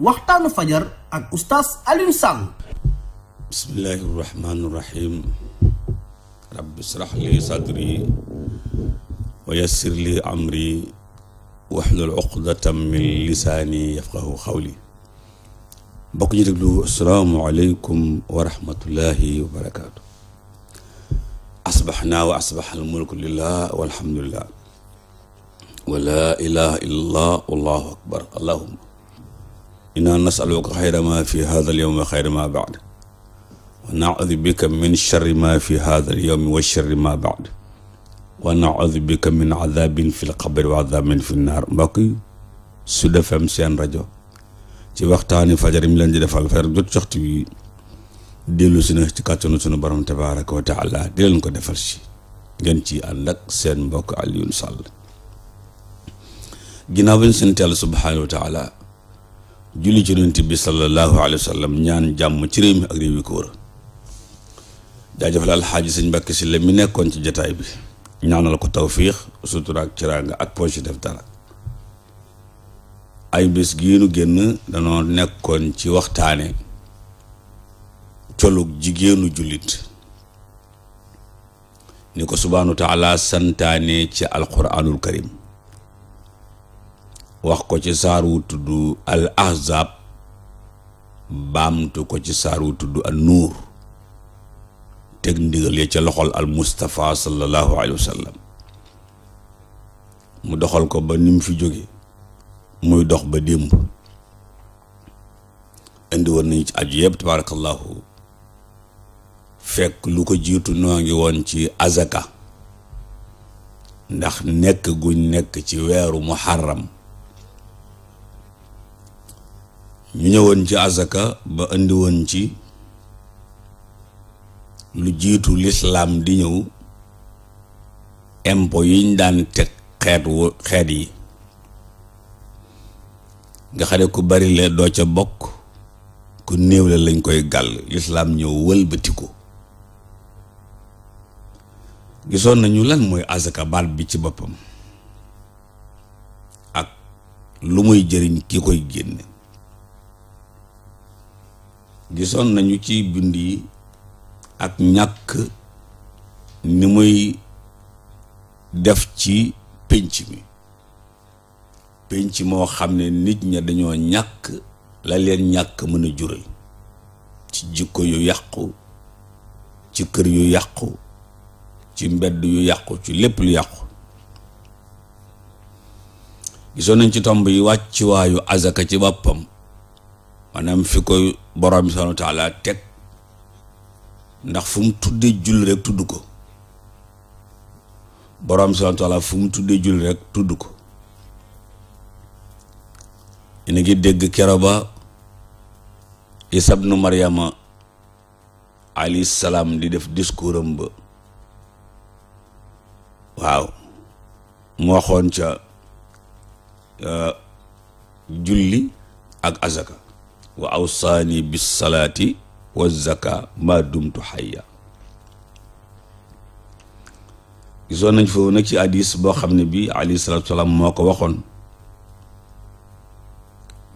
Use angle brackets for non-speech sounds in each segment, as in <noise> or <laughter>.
waxtaanu fajar ak oustaz Alioune Sall bismillahi irrahmani irrahim rabbi israh li sadri wa yassir li amri waxlul uqdatam min lisaani yafqahu xawli mbokk ñu déglu asalaamu aleykum wa rahmatullahi wa barakaatu asbaxnaa wa asbax almulku lillah walhamdulillah wa laa ilaha illa allah wallahu akbar allahuma inna nasaluka xayra ma fi hada alyowm wa xayra ma baad wa naudu bika min charri ma fi hada alyowmi wa charri ma baad wa naudu bika min adabin fi lqabri wa adabin fi nnaar mbokk yi Sud FM seen rajo ci waxtaani fajar mi leen di defal fajar jot coxti bi dellu si na ci kàttanu sunu borom tabaraka wa taala di leen ko defal si ngeen ci ànd ak seen mbokk Alioune Sall ginnaaw bi ñu sant Yàlla subhaanahu wa taala julli ci yonent bi sallallahu alayhi wa ñaan jàmm ci réew mi ak réew yi ko wër jaajëfal alxaaji sëñ Mbàkke si la mi nekkoon ci jataay bi ñaanal ko tawfiix sutura ak ciraanga ak poche def dara ay bés gii nu génn danoo nekkoon ci waxtaane colug jigéenu jullit ni ko subhaanahu wa taala santaane ci alquraanul karim wax ko ci saar wu tudd al ahzab baamtu ko ci saar wu tudd al nuur teg ndigal ya ca loxol al mustafa sallallahu alayhi wa sallam mu doxal ko ba ni mu fi jóge muy dox ba démb indi woon nañu ci aju yëpp tabarakallahu lu ko jiitu noo ngi woon ci azaka ndax nekk guñ nekk ci weeru muharram ñu ñëwoon ci azaka ba indi woon ci lu jiitu lislaam di ñëw impôt yiñ daan teg xeet wu xeet yi nga xam ne ku bari la doo ca bokk ku néew la lañ koy gàll lislaam ñëw wëlbati ko gisoon nañu lan mooy azaka baat bi ci boppam ak lu muy jëriñ ki koy génne gisoon nañu ci bind yi ak ñàkk ni muy def ci pénc mi pénc moo xam ne nit ña dañoo ñàkk la leen ñàkk mën a jural ci jikko yu yàqu ci kër yu yàqu ci mbedd yu yàqu ci lépp lu yàqu gisoon nañ ci tomb yi wàccuwaayu azaka ci boppam maanaam fi koy borom bi subhaanahu teg ndax fu mu tuddee julli rek tudd ko boroom bi subhaanahu wa taala fu mu tuddee julli rek tudd ko yéen ngi dégg kero ba Isa bnu Maryama alayhi salaam di def discours ba waaw mu waxoon ca euh, julli ak azaka wa awsaani salaati wa zaka ma dumtu xayya gisoon nañ foofu nag ci hadis boo xam ne bi alayhi salaam moo ko waxoon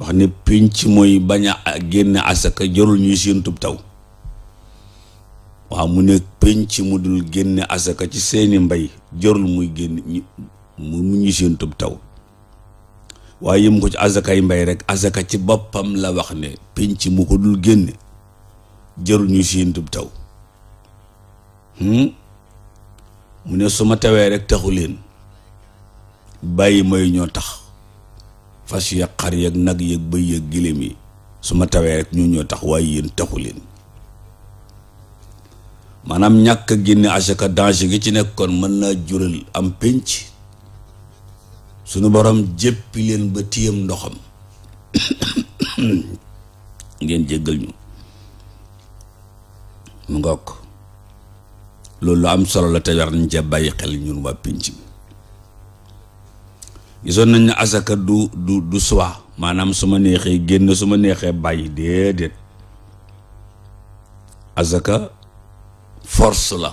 wax ne pénc mooy bañ a génne asaka jarul ñuy seen tub taw waaw mu ne pénc mu dul génne asaka ci seeni mbay jarul muy génn mu ñu seen tub taw waaye yëm ko ci azakay mbay rek azaka ci boppam la wax ne penc mu ko dul génne jërul ñu siintub taw hmm? mu ne su ma tawee rek taxu leen bàyyi may ñoo tax fas yeeg xar yeeg nag yeeg bëy yeeg giléem yi su ma tawee rek ñu ñoo tax waaye yéen taxu leen maanaam ñàkk a génne azaka danger gi ci nekkoon mën naa jural am penc sunu boroom jéppi leen ba tiyam ndoxam <coughs> ngeen jéggal ñu mu ngokk loolu lu am solo la te war nañ cee bàyyi xel ñun waa pinc bi gisoon nañ ne asaka du du du soit maanaam su ma neexee génn su ma neexee bàyyi déedéet asaka force la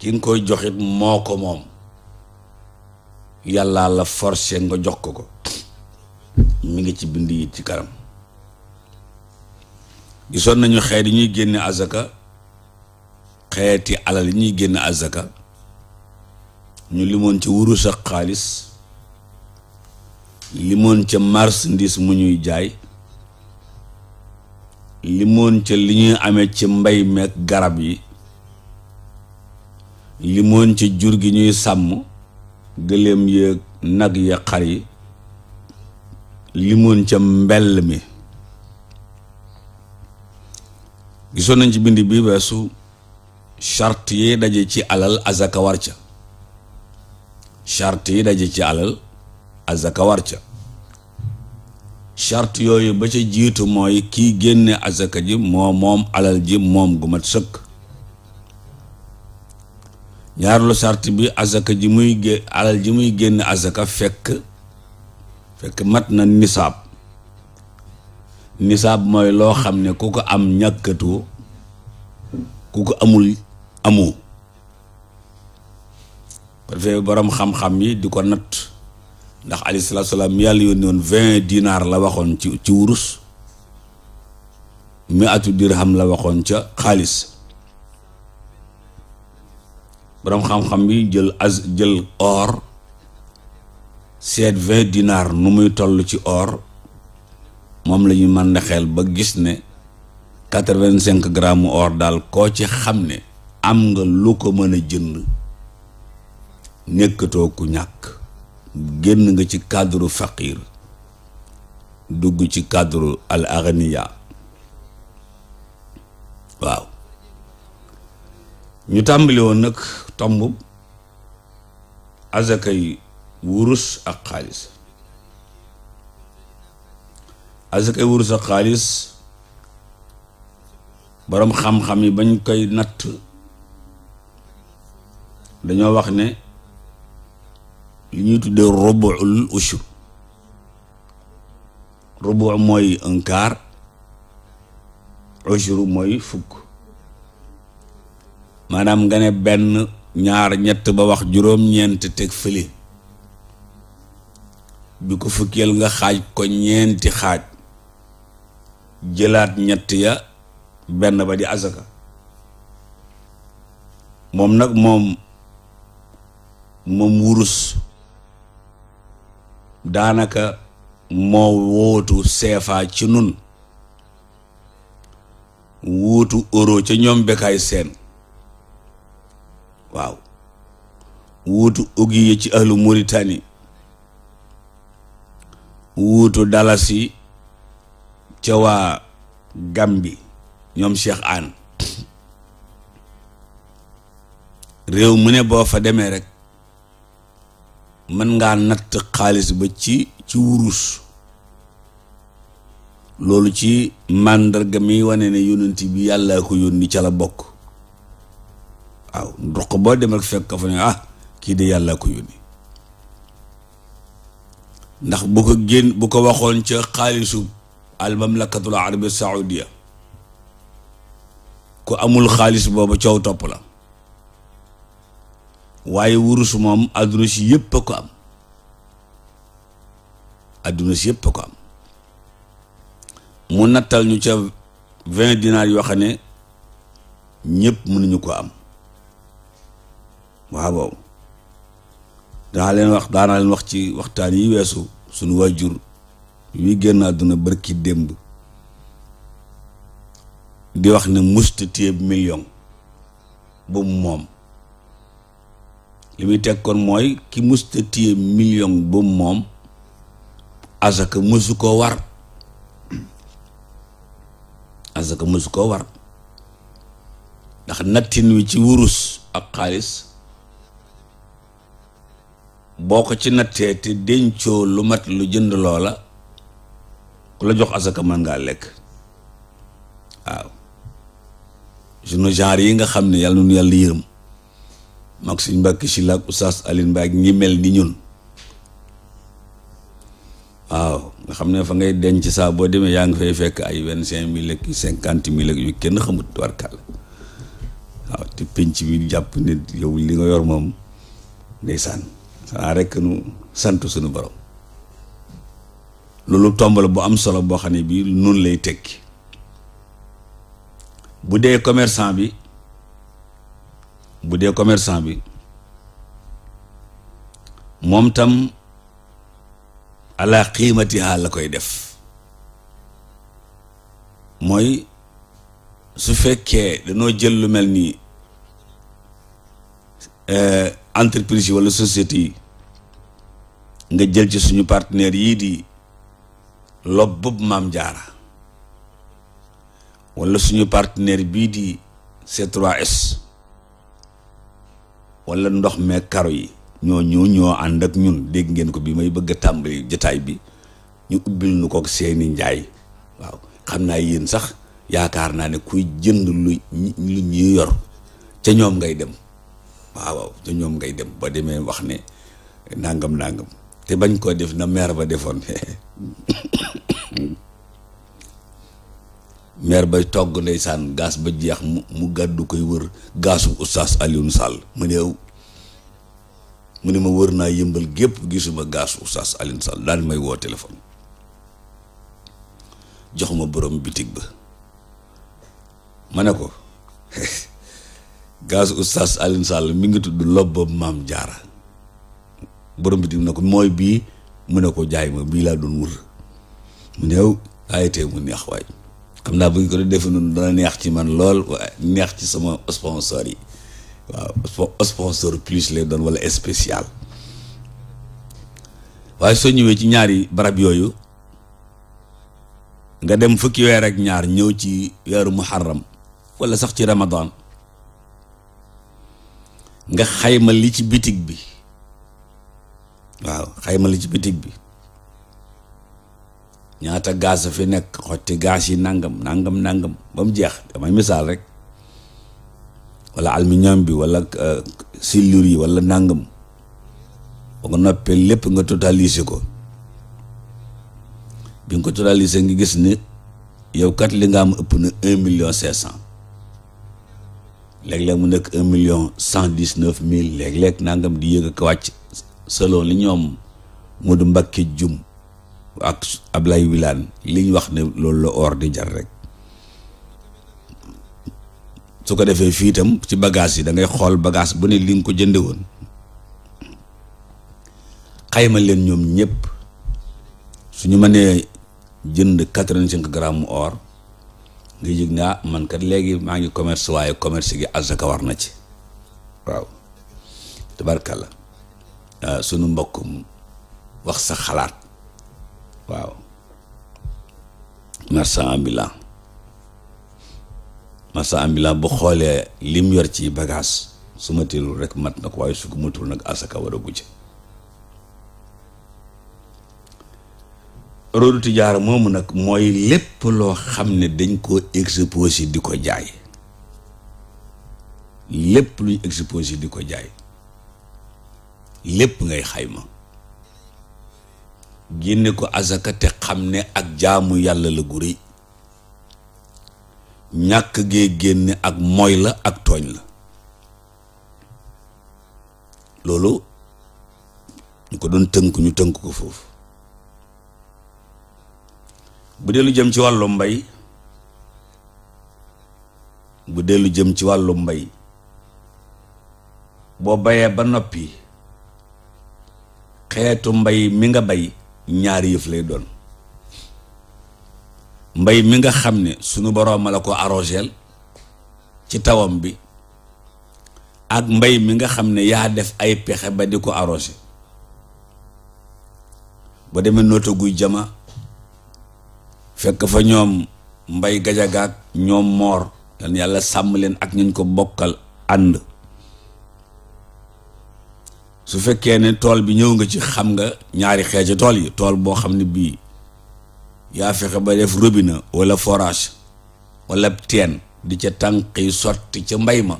ki koy joxit moo ko moom yàlla la forcé nga jox ko ko mi ngi ci bind yi ci kanam gisoon nañu xeet yi ñuy génne azaka xeeti alal yi ñuy génne azaka ñu limoon ci wurus ak xaalis limoon ca marchandise mu ñuy jaay limon ca li ñuy amee ci mbay meek garab yi limoon ci jur gi ñuy sàmm gëléem yëg nag ya xar yi limoon ca mbel mi gisoon nañ ci bind bi weesu charte yi daje ci alal azaka ca charte yi daje ci alal azaka war ca charte yooyu ba ca jiitu mooy kiy génne azaka ji moo moom alal ji moom gu sëkk ñaareelu sart bi azaka ji muy gé alal ji muy génn azaka fekk fekk mat na nisaab nisaab mooy loo xam ne ku ko am ñàkkatoo ku ko amul amoo parfait borom xam-xam yi di ko natt ndax alayhi salaatu salaam yàlla yónni woon vingt dinaar la waxoon ci ci wurus mi atu dirham la waxoon ca xaalis boroom xam-xam bi jël az or seet vingt dinaar nu muy toll ci or moom la ñuy mën a xel ba gis ne quatre-vingt-cinq daal koo ci xam ne am nga lu ko mën a jënd nekkatoo ku ñàkk génn nga ci cadre faqiir dugg ci cadre al aghniya waaw ñu tàmbali woon nag tomb azakay wurus ak xaalis azakay wurus ak xaalis boroom xam-xam yi bañ koy natt dañoo wax ne li ñuy tuddee rubuul ushur rubu mooy un quart mooy fukk maanaam nga ne benn ñaar ñett ba wax juróom-ñeent teg fële bi ko fukkeel nga xaaj ko ñeenti xaaj jëlaat ñett ya benn ba di asaka moom nag moom moom wurus daanaka moo wootu seefaa ci nun wuutu euro ca ñoom bekaay seen waaw wuutu ogiye ci ahlu moritani wuutu dalasi ca waa Gambi ñoom Cheikh Anne réew mu ne boo fa demee rek mën nga natt xaalis ba ci ci wurus loolu ci màndarga mi wane na yonent bi yàlla ko yónni ca la bokk waaw ndox ko boo dem rek fekk ka fa ne ah kii de yàlla ko yónni ndax bu ko génn bu ko waxoon ca xaalisu al mamlakatul arabi saudia ku amul xaalis boobu coow topp la waaye wurus moom adduna si yëpp a ko am adduna si yëpp am mu nattal ñu ca vingt dinaar yoo xam ne ñëpp mënuñu ko am waaw waaw danaa leen wax daanaa leen wax ci waxtaan yi weesu suñu waajur yuy génn àdduna bërki démb di wax ne musta téyeb million bu moom li muy teg kon mooy ki musta koo war asaka mësu war ndax nattin wi ci wurus ak xaalis boo ko ci nattee te dencoo lu mat lu jënd loola ku la jox asaka man ngaa lekk waaw sunu genre yi nga xam ne yàlla nu yàlla yërëm mag suñ mbàkki si laak oustaz Alioune Mbaye ñi mel ni ñun waaw nga xam ne fa ngay denc saa boo demee yaa ngi fay fekk ay vingt cinq mille ak cinquante yu kenn xamut warkal waaw te penc bi jàpp ne yow li nga yor moom ndeysaan xanaa rek nu sant suñu borom loolu tombal bu am solo boo xam ne bii noonu lay tekki bu dee commerçant bi bu dee commerçant bi moom tam ala qiimatiha la koy def mooy su fekkee dañoo jël lu mel ni euh, entreprise yi wala société yi nga jël ci suñu partenaire yii di lob bub maam jaara wala suñu partenaire bii di C3S wala ndox me karo yi ñoo ñu ñoo ànd ak ñun dégg ngeen ko bi may bëgg a tàmbali jataay bi ñu ubbil nu ko seeni njaay waaw xam naa yéen sax yaakaar naa ne kuy jënd lu ñuy yor ca ñoom ngay dem waaw ca ñoom ngay dem ba demee wax ne nangam nangam te bañ koo def na maire ba defoon maire ba togg ndeysaan gaas ba jeex mu mu gàddu koy wër gaasu oustaz Alioune mu ne ma wër naa yëmbal gépp gisuma gaasu oustaz Alioune Sall may woo téléphone jox ma borom bitig ba ma ne ko <laughs> gaasu oustaz Alioune Sall mi ngi tudd lobbam maam jaara borom bitig na ko mooy bii mu ne ko jaay ma bii laa doon wër mu ñëw ayitee mu neex waay xam naa bu ñu ko defee noonu dana neex ci man lool waaye neex ci sama sponsor yi waaw sponsor plus lay doon wala spécial waaye soo ñëwee ci ñaari barab yooyu nga dem fukki weer ak ñaar ñëw ci weeru muharram wala sax ci ramadan nga xayma li ci bitik bi waaw xayma li ci bitig bi ñaata gaz fi nekk xotti gaz yi nangam nangam nangam ba jeex damay misaal rek wala aluminium bi wala euh, silur yi wala nangam ba nga noppee lépp nga totaliser ko bi nga ko totaliser nga gis ni yow kat li nga am ëpp na un million cinq cent léeg-léeg mu nekk un million cent dix neuf mille léeg-léeg nangam di yëg ak wàcc. selon li ñoom Modou Mbacké jum ak ab Wilane wilaan ñu wax ne loolu la or di jar rek su ko defee fii itam ci bagage yi da ngay xool bagage bu ne li nga ko jënde woon xayma leen ñoom ñëpp suñu nee jënd quatre-vingt-cinq grammes or nga yëg ne ah man kat léegi maa ngi commerce waaye commerce gi azaka war na ci waaw tabarkalla Euh, sunu mbokkum wax sa xalaat waaw marchand ambulant marchand ambulant bu xoolee lim yor ci bagaas su ma rek mat na ko waaye su matul nag asaka war a gujj roodu tijaara moomu nag mooy lépp loo xam ne dañ koo exposé di ko jaay lépp luñ exposé di ko jaay lépp ngay xayma génne ko azaka te xam ne ak jaamu yàlla la gu ñàkk gee génne ak mooy la ak tooñ la loolu ñu ko doon tënk ñu tënk ko foofu bu dee lu jëm ci wàllu mbay bu dee lu jëm ci wàllu mbay boo bayee ba noppi xeetu mbay mi nga bay ñaari yëf lay doon mbay mi nga xam ne sunu boroom la ko arroseel ci tawam bi ak mbay mi nga xam ne yaa def ay pexe ba di ko arrosé ba demee noota guy jama fekk fa ñoom mbay gajagaak ñoom moor yàlla sàmm leen ak ñu ñuñ ko bokkal ànd su fekkee ne tool bi ñëw nga ci xam nga ñaari xeetu tool yi tool boo xam ne bii yaa fexe ba def robinet walla forage wala teen di ca tànk yi sotti ca mbay ma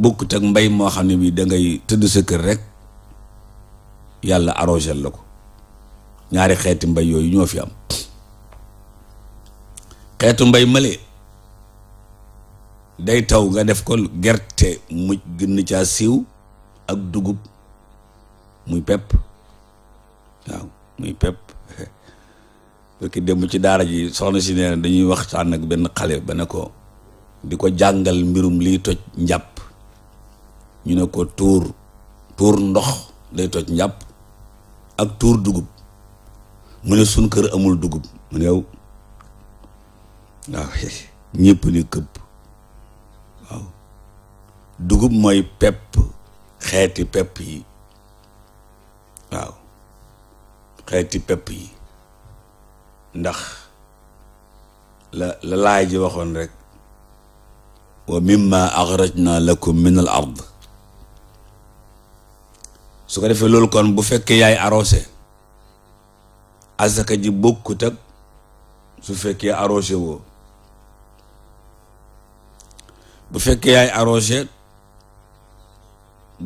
bokkut ak mbay moo xam ne bii da ngay tëdd sa kër rek yàlla arrosé la ko ñaari xeeti mbay yooyu ñoo fi am xeetu mbay male day taw nga def ko gerte mu gën caa siiw ak dugub muy pepp waaw muy pepp parce <laughs> que démb ci daara ji soxna si nee dañuy waxtaan ak benn xale ba ne ko di ko jàngal mbirum liy toj njàpp ñu ne ko tuur tuur ndox day toj njàpp ak tuur dugub mu ne suñ kër amul dugub mu ne waaw <laughs> ñëpp ni këpp waaw dugub mooy pepp xeeti pepp yi waaw xeeti pepp yi ndax la la laay ji waxoon rek wa mimma axrajna lakum min al ard su ko defee loolu kon bu fekkee yaay arrosé asaka ji bokkut ak su fekkee arrosé woo bu fekkee yaay arrosé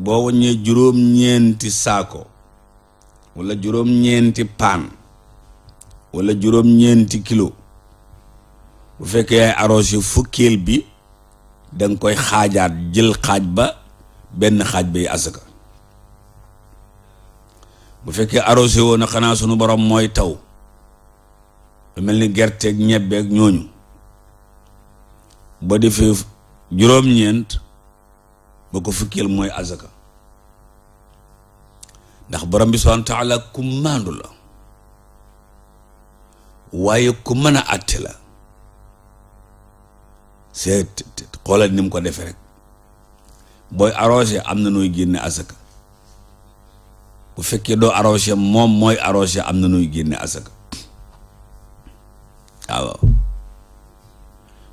boo waññee juróom-ñeenti saako walla juróom-ñeenti paan wala juróom-ñeenti kilo bu fekkee yaay arrosé fukkeel bi da koy xaajaat jël xaaj ba benn xaaj bay asaka bu fekkee arrosé woon na xanaa sunu borom mooy taw lu mel ni gerteeg ñebbeeg ñooñu ba defee juróom-ñeent ba ko fukkil mooy azaka ndax borom bi subhaanahu wa taala ku maandu la waaye ku mën a àtte la seet xoolal ni mu ko defee rek booy arrosé am na nuy génne asaka bu fekkee doo arrosé moom mooy arrosé am na nuy génne asaka waaw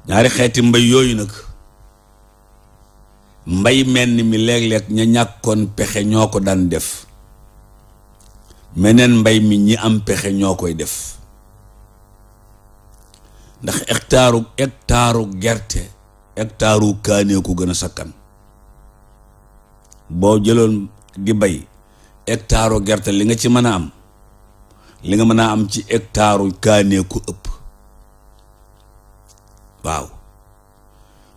ñaari xeeti mbay yooyu nag mbay menn mi léeg-léeg ña ñàkkoon pexe ñoo ko daan def meneen mbay mi ñi am pexe ñoo koy def ndax hectare hectare gerte hectare kaanee ko gën a sakkan boo jëloon di bay hectare gerte li nga ci mën a am li nga mën a am ci hectare kaanee ko ëpp waaw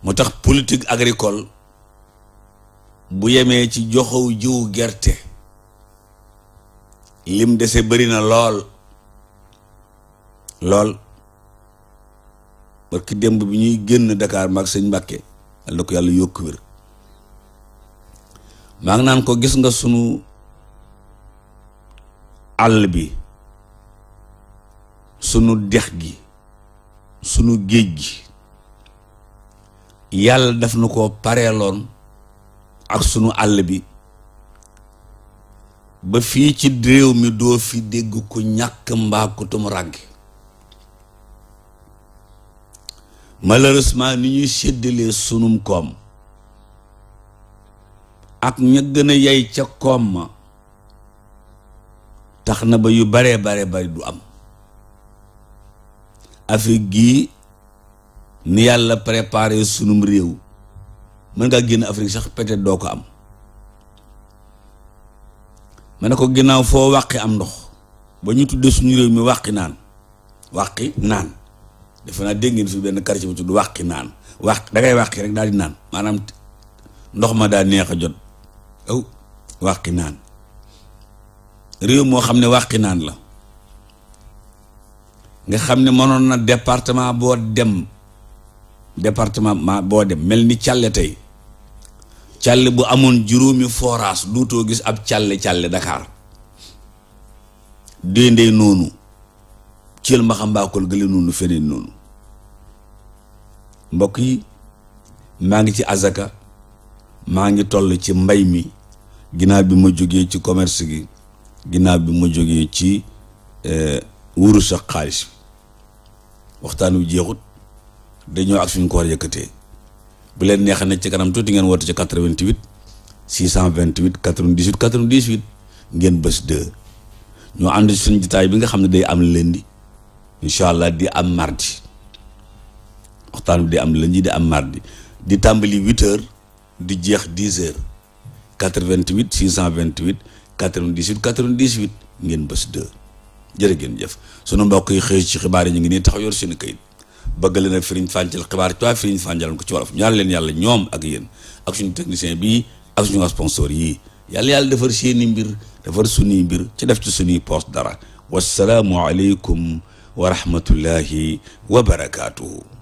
moo tax politik agricole bu yemee ci joxow jiwu gerte lim dese bëri na lool lool parce que bi ñuy génn Dakar maag sëñ Mbàkke yal na yàlla yokk wér maa ngi naan ko gis nga sunu àll bi sunu dex gi sunu géej gi yàlla def nu ko pareeloon ak sunu àll bi ba fii ci réew mi doo fi dégg ku ñàkk mbaa ku ràgg malheureusement ni ñuy séddalee sunum koom ak ña gën a yay ca koom ma tax na ba yu baree bare bari du am Afrique gii ni yàlla préparé sunum réew mën ngaa génn Afrique sax peut-être doo ko am ma ne ko ginnaaw foo wàqi am ndox ba ñu tudd suñu réew mi wàqi naan wàqi naan defe naa dégg ngeen fi benn quartier bu tudd wàqi naan wàq da ngay rek daal di naan maanaam ndox ma daa neex a jot aw naan réew moo xam ne wàqi naan la nga xam ne mënoon na département boo dem département boo dem mel ni càlle tey càll bu amoon juróomi forage duutoo gis ab càll càll Dakar déndéy noonu cël ma xam mbaakol gële noonu feneen noonu mbokk yi maa ngi ci azaka maa ngi toll ci mbay mi ginnaaw bi ma jógee ci commerce gi ginnaaw bi ma jógee ci e, wurus ak xaalis waxtaan wi jeexut dañoo ak suñ koor yëkkatee bu leen neexee ne ci kanam tuuti ngeen woote ci 88 628 98 98 ngeen bés 2 ñoo ànd ci suñu jitaay bi nga xam ne day am lundi incha allah di am mardi waxtaan bi di am lundi di am mardi di tàmbali 8 heures di jeex 10 heures 88 628 98 98 ngeen bés 2 jërë ngeen jëf sunu mbokk yi xëy ci xibaar yi ñu ngi nii tax yor seen kayit. bëgg leen a firiñ fàncal xibaar tuwaay firiñ fàncalan ko ci wolof ñaan leen yàlla ñoom ak yéen ak suñu technicien bii ak suñu yi yii yàlla yàlla defar seeni mbir defar suñuy mbir ci def ci suñuy poste dara wasalaamu aleykum wa rahmatullahi wa barakaatuhu